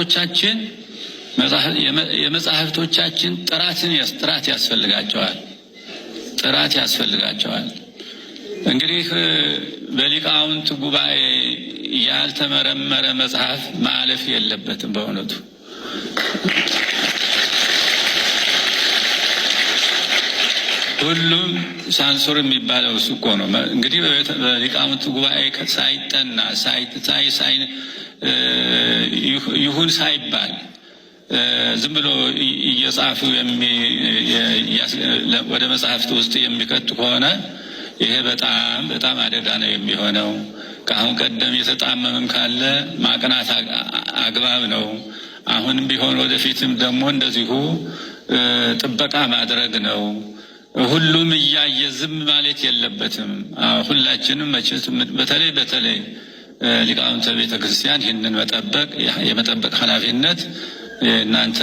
መጽሐፍቶቻችን የመጽሐፍቶቻችን ጥራትን ጥራት ያስፈልጋቸዋል ጥራት ያስፈልጋቸዋል። እንግዲህ በሊቃውንት ጉባኤ ያልተመረመረ መጽሐፍ ማለፍ የለበትም። በእውነቱ ሁሉም ሳንሱር የሚባለው እሱ እኮ ነው። እንግዲህ በሊቃውንት ጉባኤ ሳይጠና ሳይ ሳይ ይሁን ሳይባል ዝም ብሎ እየጻፉ ወደ መጽሐፍት ውስጥ የሚከቱ ከሆነ ይሄ በጣም በጣም አደጋ ነው የሚሆነው። ከአሁን ቀደም የተጣመመም ካለ ማቅናት አግባብ ነው። አሁንም ቢሆን ወደፊትም ደግሞ እንደዚሁ ጥበቃ ማድረግ ነው። ሁሉም እያየ ዝም ማለት የለበትም። ሁላችንም መቼ በተለይ በተለይ ሊቃውንተ ቤተ ክርስቲያን ይህንን መጠበቅ የመጠበቅ ኃላፊነት እናንተ